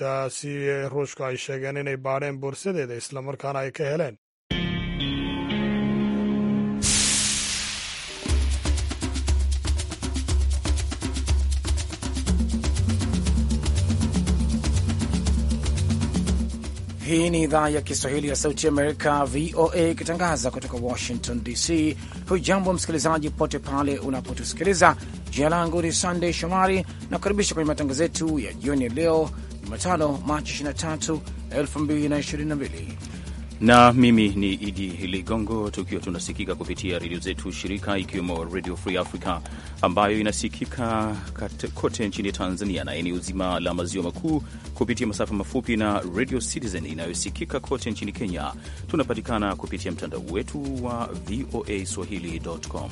taasi ruushku ay sheegeen inay baadheen boorsadeeda markaana ay ka heleen Hii ni idhaa ya Kiswahili ya Sauti Amerika, VOA, ikitangaza kutoka Washington DC. Hujambo msikilizaji pote pale unapotusikiliza. Jina langu ni Sandey Shomari na kukaribisha kwenye matangazo yetu ya jioni ya leo Jumatano, Machi 23, 2022 na mimi ni Idi Ligongo, tukiwa tunasikika kupitia redio zetu shirika, ikiwemo Radio Free Africa ambayo inasikika kote nchini Tanzania na eneo zima la maziwa makuu kupitia masafa mafupi na Radio Citizen inayosikika kote nchini Kenya. Tunapatikana kupitia mtandao wetu wa voa swahili.com.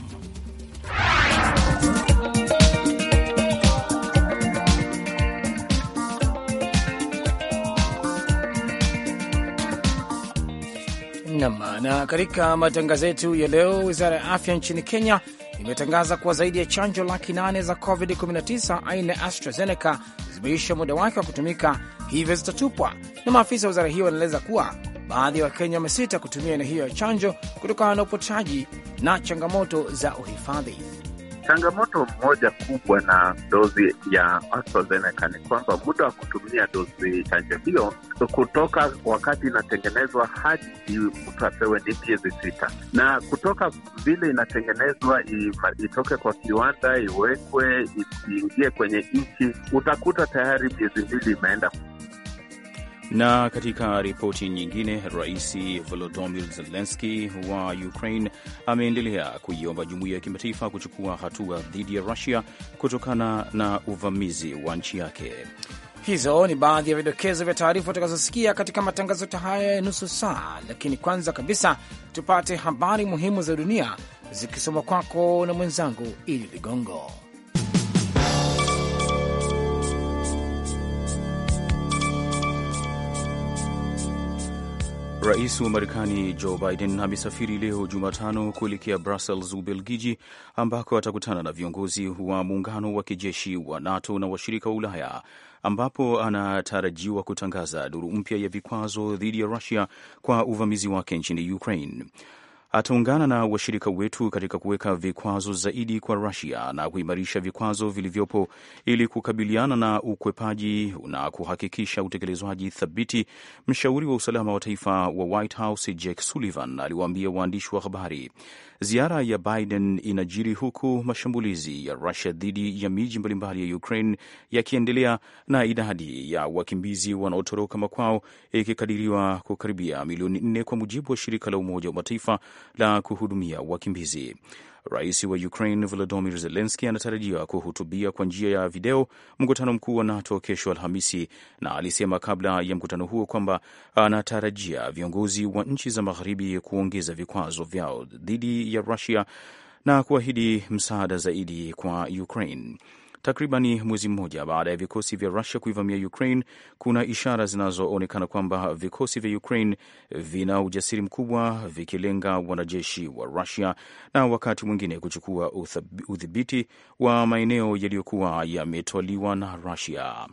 Nam. Na katika matangazo yetu ya leo, wizara ya afya nchini Kenya imetangaza kuwa zaidi ya chanjo laki nane za COVID-19 aina ya AstraZeneca zimeisha muda wake wa kutumika, hivyo zitatupwa. Na maafisa wa wizara hiyo wanaeleza kuwa baadhi ya wa Wakenya wamesita kutumia aina hiyo ya chanjo kutokana na upotaji na changamoto za uhifadhi. Changamoto moja kubwa na dozi ya AstraZeneca ni kwamba muda wa kutumia dozi chanjo hiyo kutoka wakati inatengenezwa hadi mtu apewe ni miezi sita, na kutoka vile inatengenezwa itoke kwa kiwanda, iwekwe, iingie kwenye nchi, utakuta tayari miezi mbili imeenda. Na katika ripoti nyingine, Rais Volodymyr Zelensky wa Ukraine ameendelea kuiomba jumuiya ya kimataifa kuchukua hatua dhidi ya Rusia kutokana na uvamizi wa nchi yake. Hizo ni baadhi ya vidokezo vya taarifa utakazosikia katika matangazo yote haya ya nusu saa, lakini kwanza kabisa tupate habari muhimu za dunia zikisomwa kwako na mwenzangu Idi Ligongo. Rais wa Marekani Joe Biden amesafiri leo Jumatano kuelekea Brussels, Ubelgiji, ambako atakutana na viongozi wa muungano wa kijeshi wa NATO na washirika wa Ulaya, ambapo anatarajiwa kutangaza duru mpya ya vikwazo dhidi ya Rusia kwa uvamizi wake nchini Ukraine ataungana na washirika wetu katika kuweka vikwazo zaidi kwa Rusia na kuimarisha vikwazo vilivyopo ili kukabiliana na ukwepaji na kuhakikisha utekelezwaji thabiti. Mshauri wa usalama wa taifa wa White House Jake Sullivan aliwaambia waandishi wa habari ziara ya Biden inajiri huku mashambulizi ya Rusia dhidi ya miji mbalimbali ya Ukraine yakiendelea na idadi ya wakimbizi wanaotoroka makwao ikikadiriwa kukaribia milioni nne kwa mujibu wa shirika la Umoja wa Mataifa la kuhudumia wakimbizi. Rais wa Ukraine Volodymyr Zelensky anatarajiwa kuhutubia kwa njia ya video mkutano mkuu wa NATO kesho Alhamisi, na alisema kabla ya mkutano huo kwamba anatarajia viongozi wa nchi za magharibi kuongeza vikwazo vyao dhidi ya Rusia na kuahidi msaada zaidi kwa Ukraine. Takribani mwezi mmoja baada ya vikosi vya Rusia kuivamia Ukraine, kuna ishara zinazoonekana kwamba vikosi vya Ukraine vina ujasiri mkubwa, vikilenga wanajeshi wa Rusia na wakati mwingine kuchukua udhibiti wa maeneo yaliyokuwa yametwaliwa na Rusia.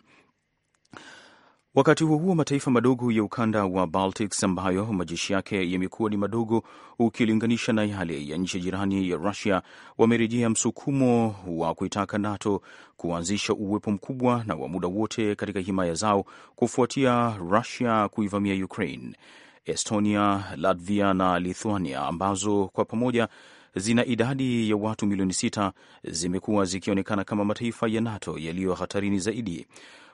Wakati huo huo, mataifa madogo ya ukanda wa Baltic ambayo majeshi yake yamekuwa ni madogo ukilinganisha na yale ya nchi jirani ya Rusia wamerejea msukumo wa kuitaka NATO kuanzisha uwepo mkubwa na wa muda wote katika himaya zao kufuatia Rusia kuivamia Ukraine. Estonia, Latvia na Lithuania ambazo kwa pamoja zina idadi ya watu milioni sita zimekuwa zikionekana kama mataifa ya NATO yaliyo hatarini zaidi.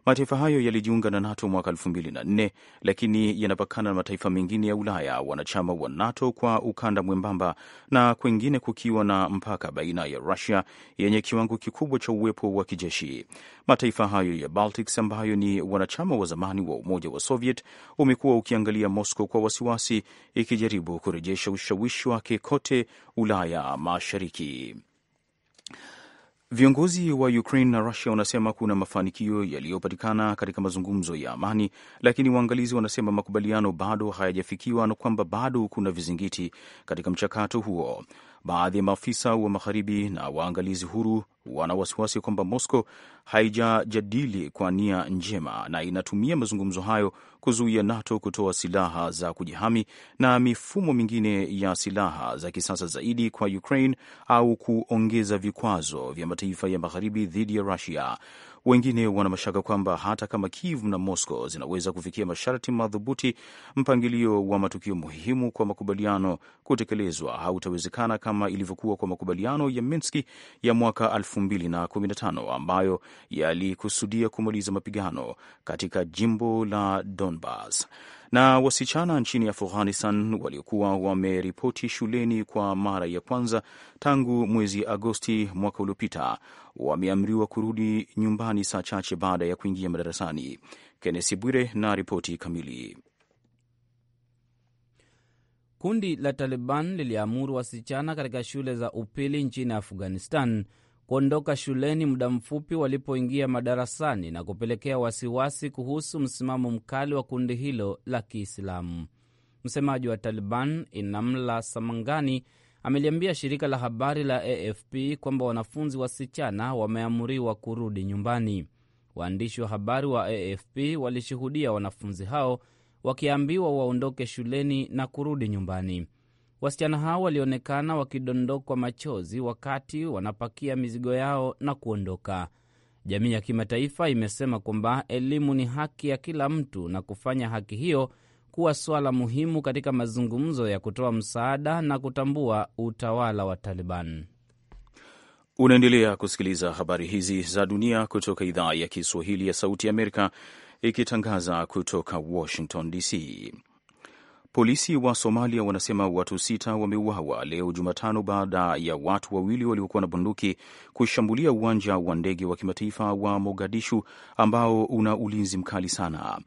Mataifa hayo yalijiunga na NATO mwaka 2004 lakini yanapakana na mataifa mengine ya Ulaya wanachama wa NATO kwa ukanda mwembamba na kwengine kukiwa na mpaka baina ya Rusia yenye kiwango kikubwa cha uwepo wa kijeshi. Mataifa hayo ya Baltics ambayo ni wanachama wa zamani wa Umoja wa Soviet umekuwa ukiangalia Moscow kwa wasiwasi, ikijaribu kurejesha ushawishi wake kote Ulaya Mashariki. Viongozi wa Ukraine na rusia wanasema kuna mafanikio yaliyopatikana katika mazungumzo ya amani, lakini waangalizi wanasema makubaliano bado hayajafikiwa na kwamba bado kuna vizingiti katika mchakato huo. Baadhi ya maafisa wa magharibi na waangalizi huru wana wasiwasi kwamba Moscow haijajadili kwa nia njema na inatumia mazungumzo hayo kuzuia NATO kutoa silaha za kujihami na mifumo mingine ya silaha za kisasa zaidi kwa Ukraine au kuongeza vikwazo vya mataifa ya magharibi dhidi ya Russia. Wengine wana mashaka kwamba hata kama Kiev na Moscow zinaweza kufikia masharti madhubuti, mpangilio wa matukio muhimu kwa makubaliano kutekelezwa hautawezekana kama ilivyokuwa kwa makubaliano ya minski ya mwaka 2015 ambayo yalikusudia kumaliza mapigano katika jimbo la Donbas. Na wasichana nchini Afghanistan waliokuwa wameripoti shuleni kwa mara ya kwanza tangu mwezi Agosti mwaka uliopita wameamriwa kurudi nyumbani saa chache baada ya kuingia madarasani. Kennesi Bwire na ripoti kamili. Kundi la Taliban liliamuru wasichana katika shule za upili nchini Afghanistan kuondoka shuleni muda mfupi walipoingia madarasani na kupelekea wasiwasi kuhusu msimamo mkali wa kundi hilo la Kiislamu. Msemaji wa Taliban Inamla Samangani ameliambia shirika la habari la AFP kwamba wanafunzi wasichana wameamuriwa kurudi nyumbani. Waandishi wa habari wa AFP walishuhudia wanafunzi hao wakiambiwa waondoke shuleni na kurudi nyumbani. Wasichana hao walionekana wakidondokwa machozi wakati wanapakia mizigo yao na kuondoka. Jamii ya kimataifa imesema kwamba elimu ni haki ya kila mtu na kufanya haki hiyo kuwa swala muhimu katika mazungumzo ya kutoa msaada na kutambua utawala wa Taliban. Unaendelea kusikiliza habari hizi za dunia kutoka idhaa ya Kiswahili ya Sauti ya Amerika, ikitangaza kutoka Washington DC. Polisi wa Somalia wanasema watu sita wameuawa leo Jumatano baada ya watu wawili waliokuwa na bunduki kushambulia uwanja wa ndege wa kimataifa wa Mogadishu ambao una ulinzi mkali sana.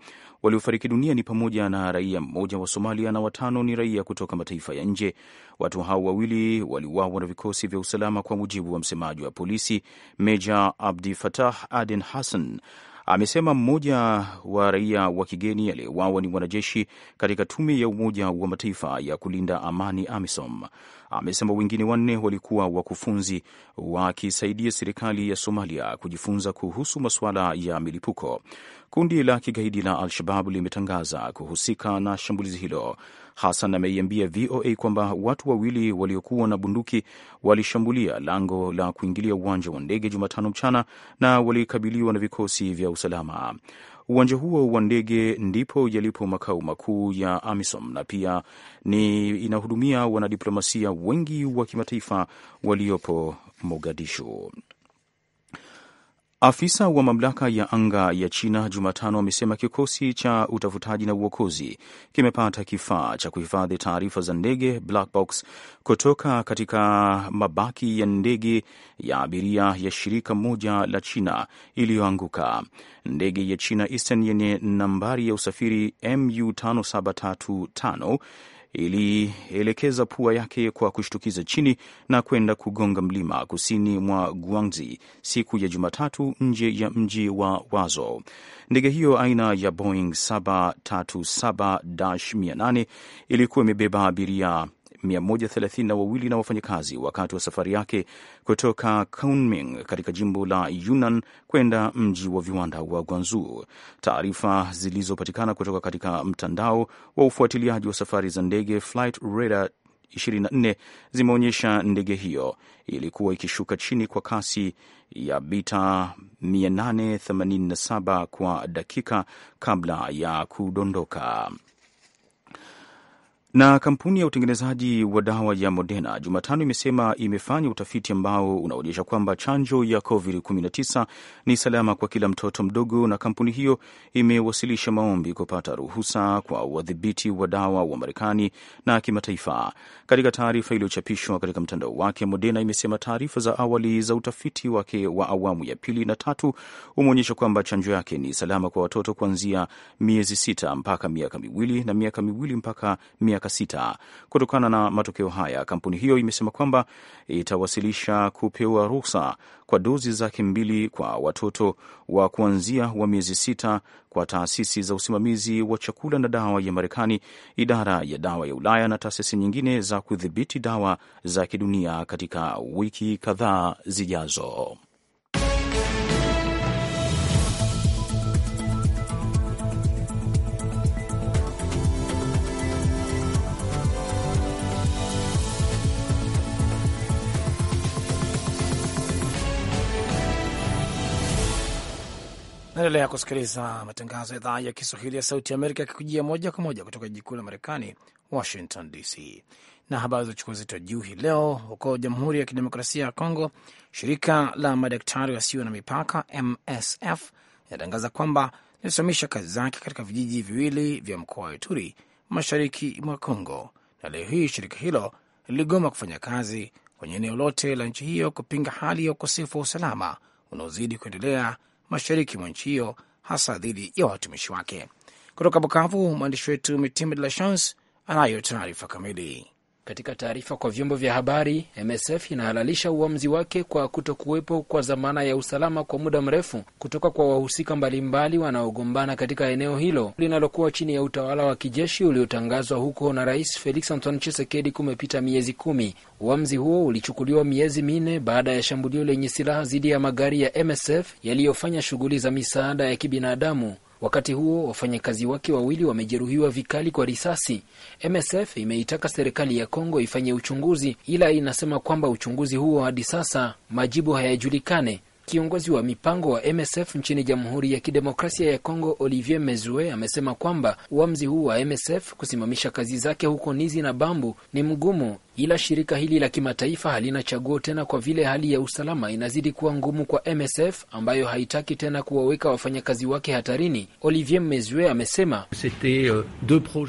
Waliofariki dunia ni pamoja na raia mmoja wa Somalia na watano ni raia kutoka mataifa ya nje. Watu hao wawili waliuawa na vikosi vya usalama, kwa mujibu wa msemaji wa polisi Meja Abdi Fatah Aden Hassan amesema mmoja wa raia wa kigeni aliyewawa ni mwanajeshi katika tume ya Umoja wa Mataifa ya kulinda amani AMISOM. Amesema wengine wanne walikuwa wakufunzi wakisaidia serikali ya Somalia kujifunza kuhusu masuala ya milipuko. Kundi la kigaidi la Al-Shababu limetangaza kuhusika na shambulizi hilo. Hassan ameiambia VOA kwamba watu wawili waliokuwa na bunduki walishambulia lango la kuingilia uwanja wa ndege Jumatano mchana na walikabiliwa na vikosi vya usalama. Uwanja huo wa ndege ndipo yalipo makao makuu ya AMISOM na pia ni inahudumia wanadiplomasia wengi wa kimataifa waliopo Mogadishu. Afisa wa mamlaka ya anga ya China Jumatano amesema kikosi cha utafutaji na uokozi kimepata kifaa cha kuhifadhi taarifa za ndege black box kutoka katika mabaki ya ndege ya abiria ya shirika moja la China iliyoanguka. Ndege ya China Eastern yenye nambari ya usafiri MU 5735 ilielekeza pua yake kwa kushtukiza chini na kwenda kugonga mlima kusini mwa guangzi siku ya Jumatatu nje ya mji wa Wazo. Ndege hiyo aina ya Boeing 737-800 ilikuwa imebeba abiria 132 na, na wafanyakazi wakati wa safari yake kutoka Kunming katika jimbo la Yunnan kwenda mji wa viwanda wa Guangzhou. Taarifa zilizopatikana kutoka katika mtandao wa ufuatiliaji wa safari za ndege Flight Radar 24 zimeonyesha ndege hiyo ilikuwa ikishuka chini kwa kasi ya bita 887 kwa dakika kabla ya kudondoka. Na kampuni ya utengenezaji wa dawa ya Moderna Jumatano imesema imefanya utafiti ambao unaonyesha kwamba chanjo ya COVID-19 ni salama kwa kila mtoto mdogo, na kampuni hiyo imewasilisha maombi kupata ruhusa kwa wadhibiti wa dawa wa Marekani na kimataifa. Katika taarifa iliyochapishwa katika mtandao wake, Moderna imesema taarifa za awali za utafiti wake wa awamu ya pili na tatu umeonyesha kwamba chanjo yake ni salama kwa watoto kuanzia miezi sita mpaka miaka miwili na miaka miwili mpaka miaka miaka sita. Kutokana na matokeo haya, kampuni hiyo imesema kwamba itawasilisha kupewa ruhusa kwa dozi zake mbili kwa watoto wa kuanzia wa miezi sita kwa taasisi za usimamizi wa chakula na dawa ya Marekani, idara ya dawa ya Ulaya na taasisi nyingine za kudhibiti dawa za kidunia katika wiki kadhaa zijazo. Naendelea kusikiliza matangazo ya idhaa ya Kiswahili ya Sauti Amerika yakikujia moja kwa moja kutoka jiji kuu la Marekani, Washington DC. Na habari za uchukuzi wa juu hii leo, huko Jamhuri ya Kidemokrasia ya Kongo, shirika la madaktari wasio na mipaka MSF linatangaza kwamba linasimamisha kazi zake katika vijiji viwili vya mkoa wa Ituri, mashariki mwa Kongo, na leo hii shirika hilo liligoma kufanya kazi kwenye eneo lote la nchi hiyo kupinga hali ya ukosefu wa usalama unaozidi kuendelea mashariki mwa nchi hiyo, hasa dhidi ya watumishi wake. Kutoka Bukavu, mwandishi wetu Mitima De La Chance anayo taarifa kamili. Katika taarifa kwa vyombo vya habari, MSF inahalalisha uamuzi wake kwa kutokuwepo kwa dhamana ya usalama kwa muda mrefu kutoka kwa wahusika mbalimbali wanaogombana katika eneo hilo linalokuwa chini ya utawala wa kijeshi uliotangazwa huko na Rais Felix Antoine chisekedi kumepita miezi kumi. Uamuzi huo ulichukuliwa miezi minne baada ya shambulio lenye silaha dhidi ya magari ya MSF yaliyofanya shughuli za misaada ya kibinadamu Wakati huo wafanyakazi wake wawili wamejeruhiwa vikali kwa risasi. MSF imeitaka serikali ya Kongo ifanye uchunguzi, ila inasema kwamba uchunguzi huo hadi sasa majibu hayajulikane. Kiongozi wa mipango wa MSF nchini Jamhuri ya Kidemokrasia ya Kongo, Olivier Mezue, amesema kwamba uamuzi huu wa MSF kusimamisha kazi zake huko Nizi na Bambu ni mgumu ila shirika hili la kimataifa halina chaguo tena kwa vile hali ya usalama inazidi kuwa ngumu kwa MSF ambayo haitaki tena kuwaweka wafanyakazi wake hatarini. Olivier Mezue amesema euh,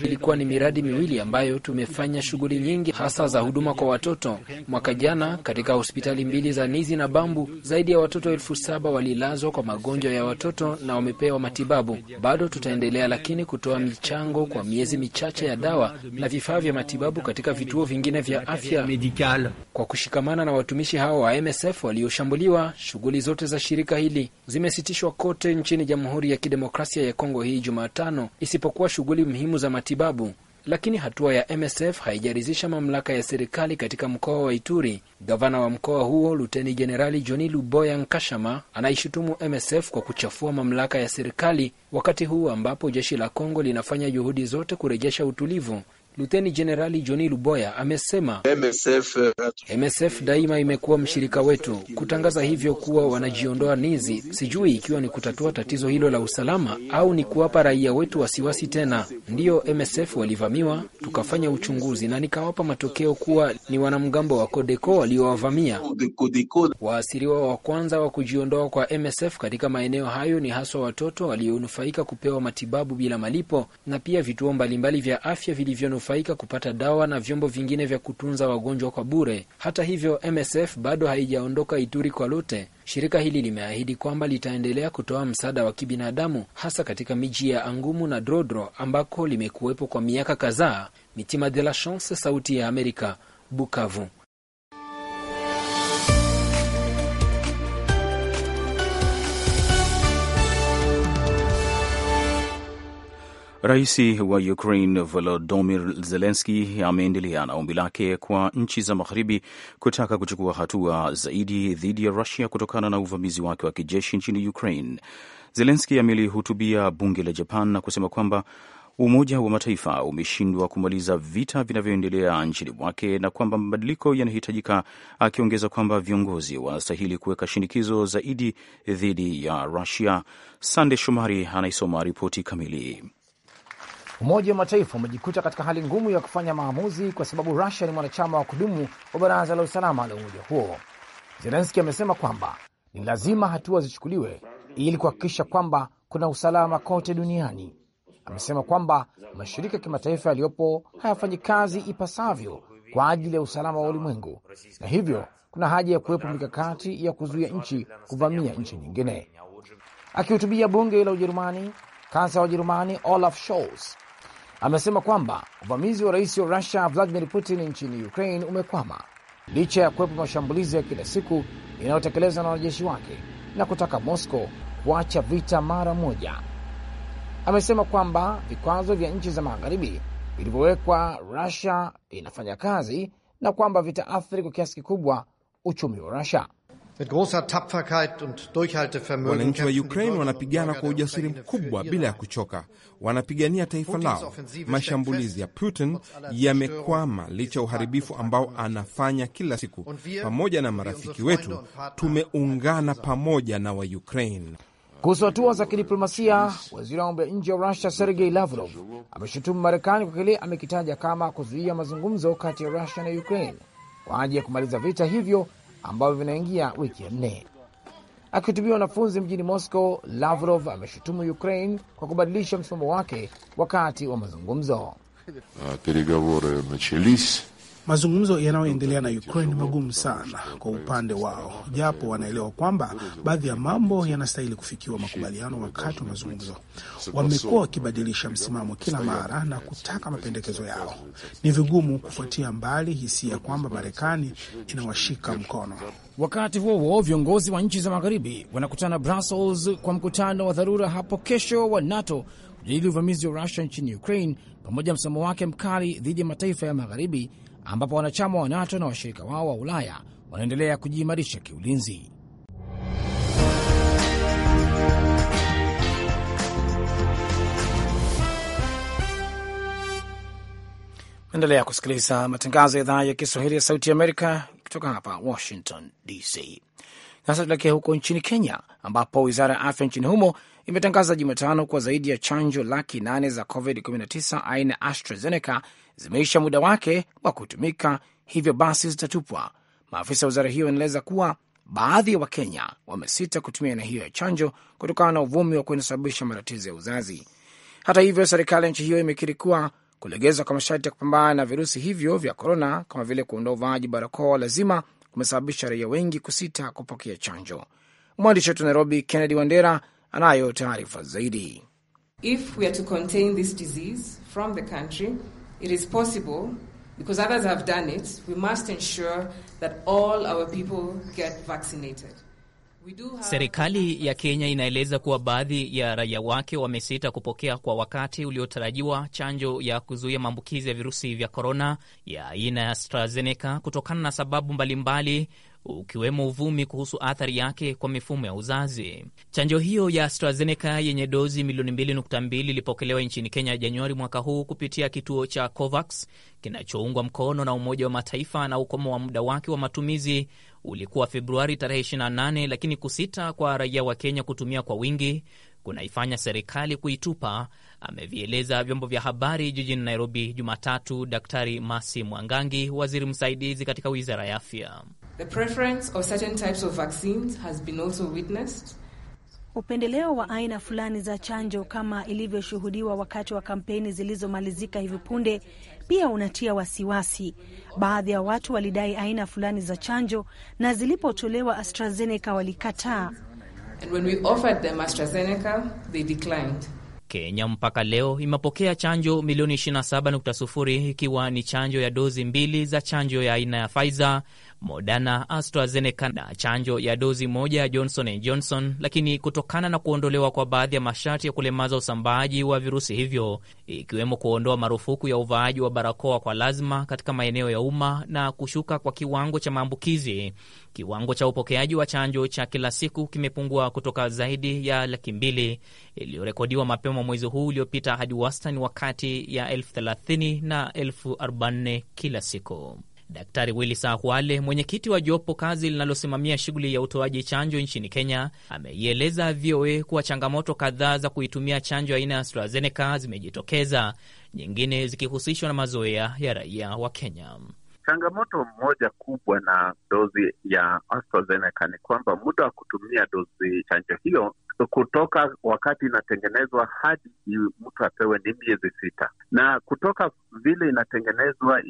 ilikuwa ni miradi miwili ambayo tumefanya shughuli nyingi hasa za huduma kwa watoto. Mwaka jana katika hospitali mbili za Nizi na Bambu zaidi ya watoto elfu saba walilazwa kwa magonjwa ya watoto na wamepewa matibabu. Bado tutaendelea lakini kutoa michango kwa miezi michache ya dawa na vifaa vya matibabu katika vituo vingine vya ya afya medical. Kwa kushikamana na watumishi hao wa MSF walioshambuliwa, shughuli zote za shirika hili zimesitishwa kote nchini Jamhuri ya Kidemokrasia ya Kongo hii Jumatano, isipokuwa shughuli muhimu za matibabu. Lakini hatua ya MSF haijaridhisha mamlaka ya serikali katika mkoa wa Ituri. Gavana wa mkoa huo Luteni Jenerali Johni Luboya Nkashama anaishutumu MSF kwa kuchafua mamlaka ya serikali, wakati huu ambapo jeshi la Kongo linafanya juhudi zote kurejesha utulivu. Luteni Jenerali Johni Luboya amesema MSF, MSF daima imekuwa mshirika wetu. Kutangaza hivyo kuwa wanajiondoa nizi, sijui ikiwa ni kutatua tatizo hilo la usalama au ni kuwapa raia wetu wasiwasi tena. Ndiyo, MSF walivamiwa, tukafanya uchunguzi na nikawapa matokeo kuwa ni wanamgambo wa Kodeko waliowavamia. Waasiriwa wa kwanza wa kujiondoa kwa MSF katika maeneo hayo ni haswa watoto walionufaika kupewa matibabu bila malipo na pia vituo mbalimbali vya afya vilivyo kunufaika kupata dawa na vyombo vingine vya kutunza wagonjwa kwa bure. Hata hivyo, MSF bado haijaondoka Ituri kwa lote. Shirika hili limeahidi kwamba litaendelea kutoa msaada wa kibinadamu hasa katika miji ya Angumu na Drodro ambako limekuwepo kwa miaka kadhaa. Mitima de la Chance, Sauti ya Amerika, Bukavu. Rais wa Ukraine Volodymyr Zelensky ameendelea na ombi lake kwa nchi za magharibi kutaka kuchukua hatua zaidi dhidi ya Rusia kutokana na uvamizi wake wa kijeshi nchini Ukraine. Zelensky amelihutubia bunge la Japan na kusema kwamba Umoja wa Mataifa umeshindwa kumaliza vita vinavyoendelea nchini mwake na kwamba mabadiliko yanahitajika, akiongeza kwamba viongozi wanastahili kuweka shinikizo zaidi dhidi ya Rusia. Sande Shomari anaisoma ripoti kamili. Umoja wa Mataifa umejikuta katika hali ngumu ya kufanya maamuzi kwa sababu Rusia ni mwanachama wa kudumu wa Baraza la Usalama la umoja huo. Zelenski amesema kwamba ni lazima hatua zichukuliwe ili kuhakikisha kwamba kuna usalama kote duniani. Amesema kwamba mashirika ya kimataifa yaliyopo hayafanyi kazi ipasavyo kwa ajili ya usalama wa ulimwengu, na hivyo kuna haja ya kuwepo mikakati ya kuzuia nchi kuvamia nchi nyingine. Akihutubia bunge la Ujerumani, kansa wa Ujerumani Olaf Scholz amesema kwamba uvamizi wa rais wa Rusia Vladimir Putin nchini Ukraine umekwama licha ya kuwepo mashambulizi ya kila siku inayotekelezwa na wanajeshi wake na kutaka Moscow kuacha vita mara moja. Amesema kwamba vikwazo vya nchi za magharibi vilivyowekwa Rusia inafanya kazi na kwamba vitaathiri kwa kiasi kikubwa uchumi wa Rusia. Wananchi wa Ukraine wanapigana kwa ujasiri mkubwa bila ya kuchoka, wanapigania taifa lao. Mashambulizi ya Putin yamekwama licha ya uharibifu ambao anafanya kila siku. Pamoja na marafiki wetu, tumeungana pamoja na Waukraine kuhusu hatua za kidiplomasia. Waziri wa mambo ya nje wa Rusia Sergei Lavrov ameshutumu Marekani kwa kile amekitaja kama kuzuia mazungumzo kati ya Rusia na Ukraine kwa ajili ya kumaliza vita hivyo ambavyo vinaingia wiki ya nne. Akihutubia wanafunzi mjini Moscow, Lavrov ameshutumu Ukraine kwa kubadilisha msimamo wake wakati wa mazungumzo. Mazungumzo yanayoendelea na Ukraine ni magumu sana kwa upande wao, japo wanaelewa kwamba baadhi ya mambo yanastahili kufikiwa makubaliano wakati wa mazungumzo. Wamekuwa wakibadilisha msimamo kila mara na kutaka mapendekezo yao. Ni vigumu kufuatia mbali hisia kwamba Marekani inawashika mkono. Wakati huo huo, viongozi wa nchi za magharibi wanakutana Brussels kwa mkutano wa dharura hapo kesho wa NATO kujadili uvamizi wa Rusia nchini Ukraine pamoja na msimamo wake mkali dhidi ya mataifa ya magharibi ambapo wanachama wa NATO na washirika wao wa Ulaya wanaendelea kujiimarisha kiulinzi. Endelea kusikiliza matangazo ya idhaa ya Kiswahili ya Sauti ya Amerika kutoka hapa Washington DC. Sasa tuelekee huko nchini Kenya, ambapo wizara ya afya nchini humo imetangaza Jumatano kuwa zaidi ya chanjo laki nane za COVID-19 aina AstraZeneca zimeisha muda wake wa kutumika, hivyo basi zitatupwa. Maafisa wa wizara hiyo wanaeleza kuwa baadhi ya wa Wakenya wamesita kutumia aina hiyo ya chanjo kutokana na uvumi wa kunasababisha matatizo ya uzazi. Hata hivyo, serikali ya nchi hiyo imekiri kuwa kulegezwa kwa masharti ya kupambana na virusi hivyo vya korona kama vile kuondoa uvaaji barakoa lazima kumesababisha raia wengi kusita kupokea chanjo. Mwandishi wetu Nairobi, Kennedy Wandera anayo taarifa zaidi. If we are to contain this disease from the country, it is possible because others have done it. We must ensure that all our people get vaccinated. Serikali ya Kenya inaeleza kuwa baadhi ya raia wake wamesita kupokea kwa wakati uliotarajiwa chanjo ya kuzuia maambukizi ya virusi vya korona ya aina ya AstraZeneca kutokana na sababu mbalimbali, ukiwemo uvumi kuhusu athari yake kwa mifumo ya uzazi. Chanjo hiyo ya AstraZeneca yenye dozi milioni 2.2 ilipokelewa nchini Kenya Januari mwaka huu kupitia kituo cha COVAX kinachoungwa mkono na Umoja wa Mataifa, na ukomo wa muda wake wa matumizi ulikuwa Februari tarehe 28, lakini kusita kwa raia wa Kenya kutumia kwa wingi kunaifanya serikali kuitupa, amevieleza vyombo vya habari jijini Nairobi Jumatatu Daktari Masi Mwangangi, waziri msaidizi katika wizara ya afya. The preference of certain types of vaccines has been also witnessed. Upendeleo wa aina fulani za chanjo kama ilivyoshuhudiwa wakati wa kampeni zilizomalizika hivi punde pia unatia wasiwasi. Baadhi ya watu walidai aina fulani za chanjo na zilipotolewa AstraZeneca walikataa. And when we offered them AstraZeneca, they declined. Kenya mpaka leo imepokea chanjo milioni 27.0 ikiwa ni chanjo ya dozi mbili za chanjo ya aina ya Pfizer Moderna, AstraZeneca na chanjo ya dozi moja ya Johnson and Johnson, lakini kutokana na kuondolewa kwa baadhi ya masharti ya kulemaza usambaaji wa virusi hivyo, ikiwemo kuondoa marufuku ya uvaaji wa barakoa kwa lazima katika maeneo ya umma na kushuka kwa kiwango cha maambukizi, kiwango cha upokeaji wa chanjo cha kila siku kimepungua kutoka zaidi ya laki mbili iliyorekodiwa mapema mwezi huu uliopita hadi wastani wa kati ya elfu thelathini na elfu arobaini kila siku. Daktari Willi Sahwale, mwenyekiti wa jopo kazi linalosimamia shughuli ya utoaji chanjo nchini Kenya, ameieleza VOA kuwa changamoto kadhaa za kuitumia chanjo aina ya AstraZeneca zimejitokeza, nyingine zikihusishwa na mazoea ya raia wa Kenya. Changamoto moja kubwa na dozi ya AstraZeneca ni kwamba muda wa kutumia dozi chanjo hiyo kutoka wakati inatengenezwa hadi mtu apewe ni miezi sita, na kutoka vile inatengenezwa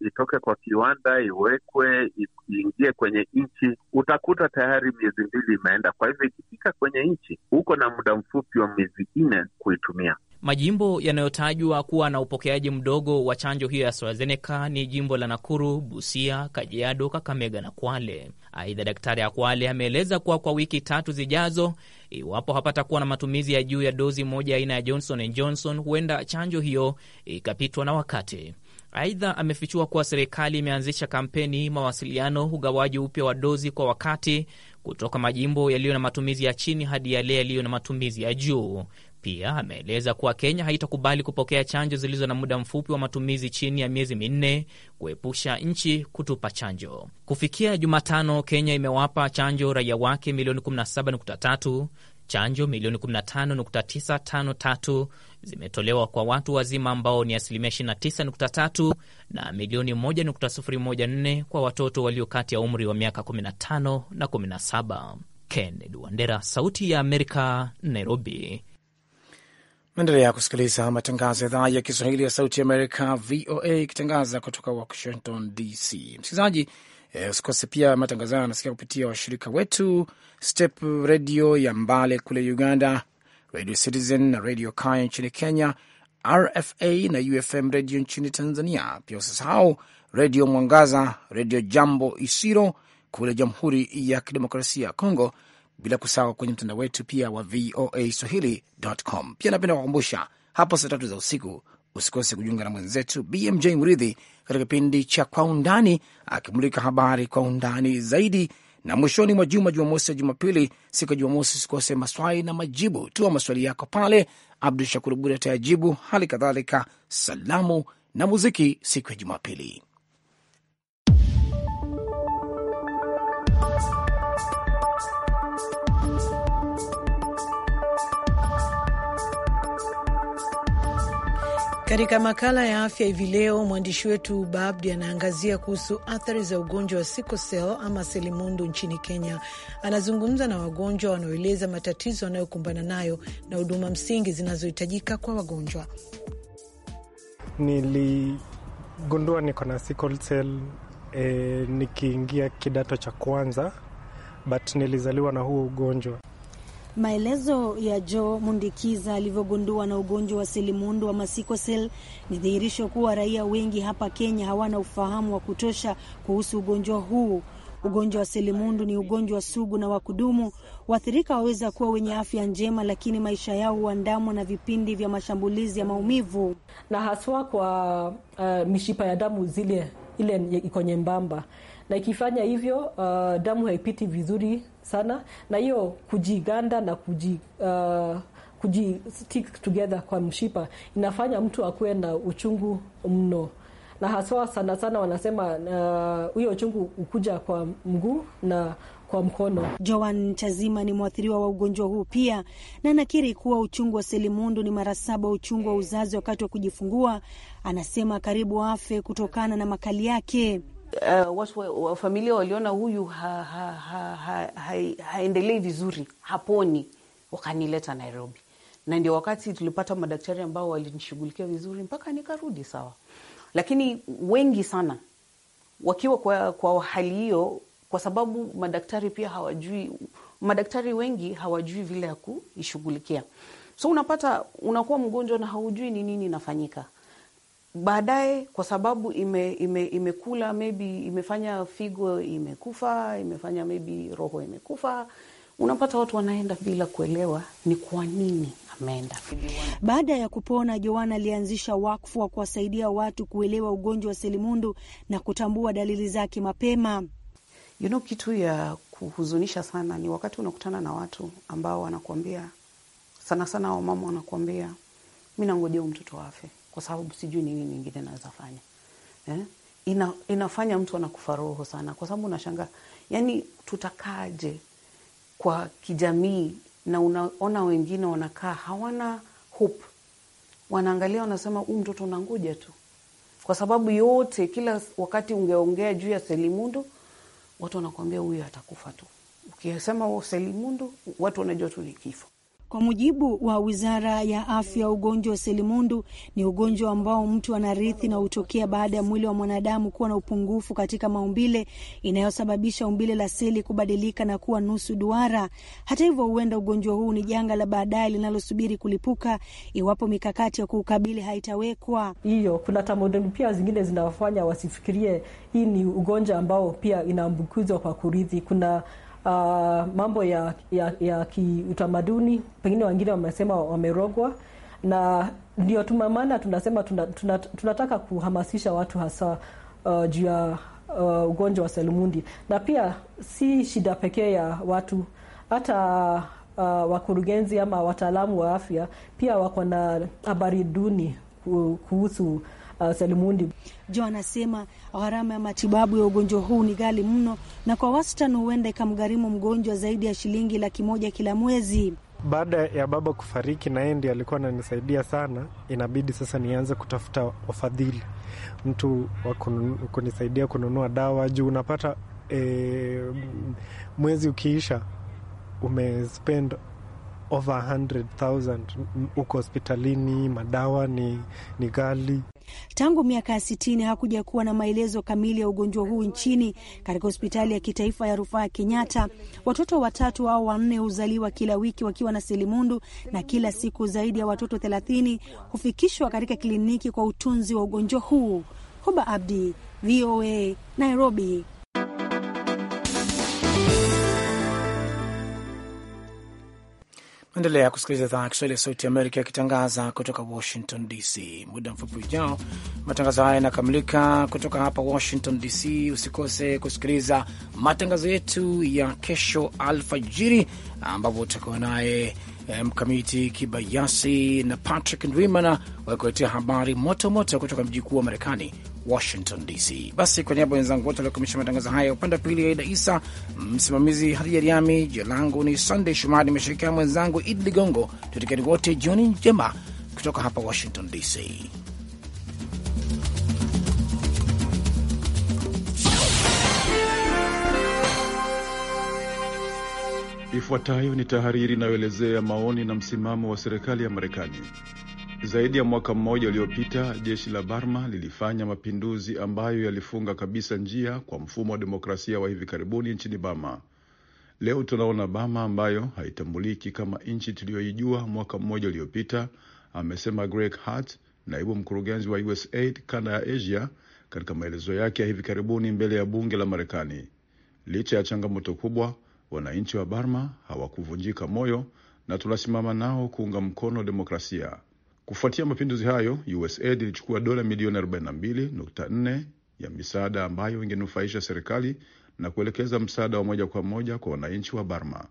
itoke kwa kiwanda iwekwe iingie kwenye nchi, utakuta tayari miezi mbili imeenda. Kwa hivyo ikifika kwenye nchi, uko na muda mfupi wa miezi nne kuitumia. Majimbo yanayotajwa kuwa na upokeaji mdogo wa chanjo hiyo ya AstraZeneca ni jimbo la Nakuru, Busia, Kajiado, Kakamega na Kwale. Aidha, Daktari Akwale ameeleza kuwa kwa wiki tatu zijazo, iwapo hapatakuwa na matumizi ya juu ya dozi moja aina ya Johnson and Johnson, huenda chanjo hiyo ikapitwa na wakati. Aidha, amefichua kuwa serikali imeanzisha kampeni, mawasiliano, ugawaji upya wa dozi kwa wakati kutoka majimbo yaliyo na matumizi ya chini hadi yale yaliyo na matumizi ya juu. Pia ameeleza kuwa Kenya haitakubali kupokea chanjo zilizo na muda mfupi wa matumizi chini ya miezi minne, kuepusha nchi kutupa chanjo. Kufikia Jumatano, Kenya imewapa chanjo raia wake milioni 17.3. Chanjo milioni 15.953 zimetolewa kwa watu wazima ambao ni asilimia 29.3 na milioni 1.014 kwa watoto walio kati ya umri wa miaka 15 na 17. Kennedy Wandera, Sauti ya Amerika, Nairobi. Naendelea kusikiliza matangazo ya idhaa ya Kiswahili ya Sauti Amerika, VOA, ikitangaza kutoka Washington DC. Msikilizaji eh, usikose pia matangazo hayo anasikia kupitia washirika wetu Step Redio ya Mbale kule Uganda, Radio Citizen na Radio Kaya nchini Kenya, RFA na UFM redio nchini Tanzania. Pia usisahau Redio Mwangaza, Redio Jambo Isiro kule Jamhuri ya Kidemokrasia ya Kongo bila kusahau kwenye mtandao wetu pia wa VOA Swahili.com. Pia napenda kukumbusha hapo saa tatu za usiku usikose kujiunga na mwenzetu BMJ Mridhi katika kipindi cha Kwa Undani, akimulika habari kwa undani zaidi. Na mwishoni mwa juma, Jumamosi ya Jumapili, siku ya Jumamosi usikose maswali na majibu. Tuma maswali yako pale, Abdu Shakur Bud atayajibu. Hali kadhalika salamu na muziki siku ya Jumapili. Katika makala ya afya hivi leo, mwandishi wetu Babdi anaangazia kuhusu athari za ugonjwa wa sikosel ama selimundu nchini Kenya. Anazungumza na wagonjwa wanaoeleza matatizo wanayokumbana nayo na huduma msingi zinazohitajika kwa wagonjwa. Niligundua niko na sickle cell e, nikiingia kidato cha kwanza, but nilizaliwa na huo ugonjwa. Maelezo ya Joe Mundikiza alivyogundua na ugonjwa wa selimundu wa masikosel ni dhihirisho kuwa raia wengi hapa Kenya hawana ufahamu wa kutosha kuhusu ugonjwa huu. Ugonjwa wa selimundu ni ugonjwa sugu na wa kudumu. Waathirika waweza kuwa wenye afya njema, lakini maisha yao huandamwa na vipindi vya mashambulizi ya maumivu, na haswa kwa uh, mishipa ya damu zile ile iko nyembamba, na ikifanya hivyo uh, damu haipiti vizuri sana, na hiyo kujiganda na kuji uh, kuji stick together kwa mshipa inafanya mtu akuwe na uchungu mno, na haswa sana sana wanasema huyo uh, uchungu ukuja kwa mguu na kwa mkono. Joan Chazima ni mwathiriwa wa ugonjwa huu pia, na anakiri kuwa uchungu wa selimundu ni mara saba uchungu wa uzazi wakati wa kujifungua. Anasema karibu afe kutokana na makali yake uh, watu wa familia waliona huyu ha, ha, ha, ha, ha, haendelei vizuri, haponi, wakanileta Nairobi, na ndio wakati tulipata madaktari ambao walinishughulikia vizuri mpaka nikarudi sawa. Lakini wengi sana wakiwa kwa, kwa hali hiyo, kwa sababu madaktari pia hawajui, madaktari wengi hawajui vile ya kuishughulikia, so unapata unakuwa mgonjwa na haujui ni nini inafanyika baadaye kwa sababu ime, ime, imekula maybe imefanya figo imekufa, imefanya maybe roho imekufa. Unapata watu wanaenda bila kuelewa ni kwa nini ameenda. Baada ya kupona, Joana alianzisha wakfu wa kuwasaidia watu kuelewa ugonjwa wa selimundu na kutambua dalili zake mapema. You know, kitu ya kuhuzunisha sana ni wakati unakutana na watu ambao wanakuambia, sana sana wamama wanakuambia, mi nangojea mtoto afe kwa sababu sijui nini nyingine naweza fanya eh? Ina, inafanya mtu anakufa roho sana, kwa sababu unashanga yani tutakaaje kwa kijamii, na unaona wengine wanakaa hawana hope, wanaangalia wanasema, huu mtoto unanguja tu, kwa sababu yote, kila wakati ungeongea juu ya Selimundu watu wanakuambia huyu atakufa tu, ukisema oh, Selimundu watu wanajua tu ni kifo. Kwa mujibu wa wizara ya afya, ugonjwa wa selimundu ni ugonjwa ambao mtu anarithi na hutokea baada ya mwili wa mwanadamu kuwa na upungufu katika maumbile inayosababisha umbile la seli kubadilika na kuwa nusu duara. Hata hivyo, huenda ugonjwa huu ni janga la baadaye linalosubiri kulipuka iwapo mikakati ya kuukabili haitawekwa. Hiyo kuna tamaduni pia zingine zinawafanya wasifikirie hii ni ugonjwa ambao pia inaambukizwa kwa kurithi. Kuna uh, mambo ya, ya, ya kiutamaduni, pengine wengine wamesema wamerogwa, na ndio tumamana tunasema tuna, tuna, tunataka kuhamasisha watu hasa uh, juu ya uh, ugonjwa wa selumundi na pia si shida pekee ya watu hata Uh, wakurugenzi ama wataalamu wa afya pia wako na habari duni kuhusu uh, Salimundi. Jo anasema gharama ya matibabu ya ugonjwa huu ni ghali mno, na kwa wastani huenda ikamgharimu mgonjwa zaidi ya shilingi laki moja kila mwezi. Baada ya baba kufariki, na yeye ndiye alikuwa ananisaidia sana, inabidi sasa nianze kutafuta wafadhili, mtu wa kunisaidia kununua dawa juu unapata e, mwezi ukiisha umespend over 100,000 huko hospitalini, madawa ni, ni ghali. Tangu miaka ya sitini hakuja kuwa na maelezo kamili ya ugonjwa huu nchini. Katika hospitali ya kitaifa ya rufaa ya Kenyatta, watoto watatu au wanne huzaliwa kila wiki wakiwa na selimundu, na kila siku zaidi ya watoto thelathini hufikishwa katika kliniki kwa utunzi wa ugonjwa huu. Huba Abdi, VOA, Nairobi. Endelea kusikiliza idhaa ya Kiswahili ya Sauti Amerika akitangaza kutoka Washington DC. Muda mfupi ujao matangazo haya yanakamilika. Kutoka hapa Washington DC, usikose kusikiliza matangazo yetu ya kesho alfajiri, ambapo utakuwa naye Eh, Mkamiti Kibayasi na Patrick Ndwimana wakuletea habari moto moto kutoka mji kuu wa Marekani, Washington DC. Basi kwa niaba wenzangu wote waliokamisha matangazo haya, upande wa pili Aida Isa, msimamizi Hadija Riami, jina langu ni Sunday Shumari, imeshirikiana mwenzangu Idi Ligongo. Tutikeni wote jioni njema kutoka hapa Washington DC. Ifuatayo ni tahariri inayoelezea maoni na msimamo wa serikali ya Marekani. Zaidi ya mwaka mmoja uliopita, jeshi la Burma lilifanya mapinduzi ambayo yalifunga kabisa njia kwa mfumo wa demokrasia wa hivi karibuni nchini Burma. Leo tunaona Burma ambayo haitambuliki kama nchi tuliyoijua mwaka mmoja uliopita, amesema Greg Hart, naibu mkurugenzi wa USAID kanda ya Asia, katika maelezo yake ya hivi karibuni mbele ya bunge la Marekani. Licha ya changamoto kubwa Wananchi wa Burma hawakuvunjika moyo na tunasimama nao kuunga mkono demokrasia. Kufuatia mapinduzi hayo, USAID ilichukua dola milioni 42.4 ya misaada ambayo ingenufaisha serikali na kuelekeza msaada wa moja kwa moja kwa wananchi wa Burma.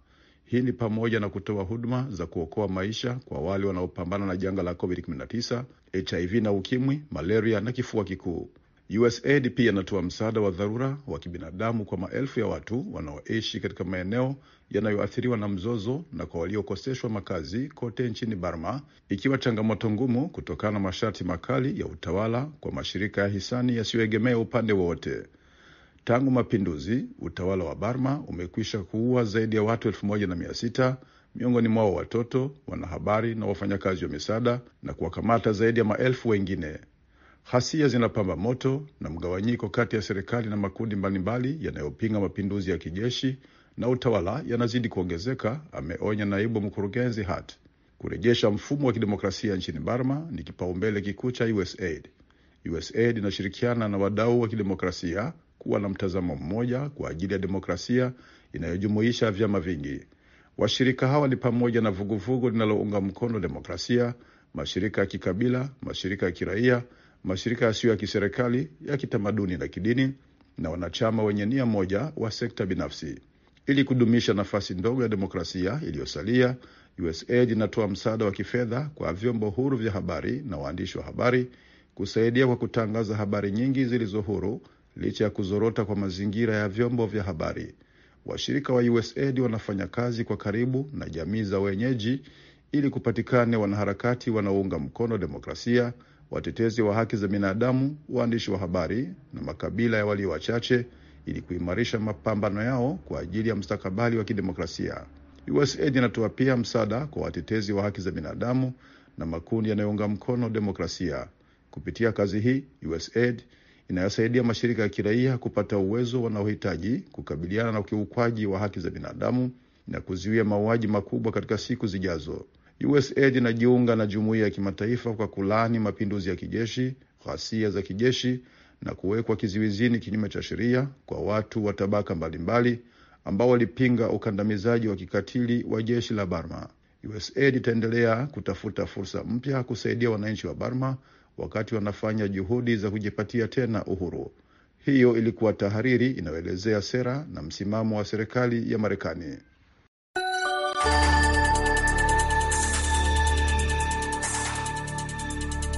Hii ni pamoja na kutoa huduma za kuokoa maisha kwa wale wanaopambana na janga la COVID-19, HIV na ukimwi, malaria na kifua kikuu. USAID pia inatoa msaada wa dharura wa kibinadamu kwa maelfu ya watu wanaoishi katika maeneo yanayoathiriwa na mzozo na kwa waliokoseshwa makazi kote nchini Burma, ikiwa changamoto ngumu kutokana na masharti makali ya utawala kwa mashirika ya hisani yasiyoegemea upande wowote. Tangu mapinduzi, utawala wa Burma umekwisha kuua zaidi ya watu elfu moja na mia sita miongoni mwao watoto, wanahabari na wafanyakazi wa misaada na kuwakamata zaidi ya maelfu wengine. Hasia zinapamba moto na mgawanyiko kati ya serikali na makundi mbalimbali yanayopinga mapinduzi ya kijeshi na utawala yanazidi kuongezeka, ameonya naibu mkurugenzi Hart. Kurejesha mfumo wa kidemokrasia nchini Burma ni kipaumbele kikuu cha USAID. USAID inashirikiana na wadau wa kidemokrasia kuwa na mtazamo mmoja kwa ajili ya demokrasia inayojumuisha vyama vingi. Washirika hawa ni pamoja na vuguvugu linalounga mkono demokrasia, mashirika ya kikabila, mashirika ya kiraia mashirika yasiyo ya kiserikali ya kitamaduni na kidini na wanachama wenye nia moja wa sekta binafsi. Ili kudumisha nafasi ndogo ya demokrasia iliyosalia, USAID inatoa msaada wa kifedha kwa vyombo huru vya habari na waandishi wa habari kusaidia kwa kutangaza habari nyingi zilizo huru licha ya kuzorota kwa mazingira ya vyombo vya habari. Washirika wa USAID wanafanya kazi kwa karibu na jamii za wenyeji ili kupatikane wanaharakati wanaounga mkono demokrasia watetezi wa haki za binadamu, waandishi wa habari na makabila ya walio wachache ili kuimarisha mapambano yao kwa ajili ya mustakabali wa kidemokrasia. USAID inatoa pia msaada kwa watetezi wa haki za binadamu na makundi yanayounga mkono demokrasia. Kupitia kazi hii, USAID inayosaidia mashirika ya kiraia kupata uwezo wanaohitaji kukabiliana na ukiukwaji wa haki za binadamu na kuzuia mauaji makubwa katika siku zijazo. USAID inajiunga na jumuiya ya kimataifa kwa kulani mapinduzi ya kijeshi, ghasia za kijeshi na kuwekwa kizuizini kinyume cha sheria kwa watu wa tabaka mbalimbali ambao walipinga ukandamizaji wa kikatili wa jeshi la Burma. USAID itaendelea kutafuta fursa mpya kusaidia wananchi wa Burma wakati wanafanya juhudi za kujipatia tena uhuru. Hiyo ilikuwa tahariri inayoelezea sera na msimamo wa serikali ya Marekani.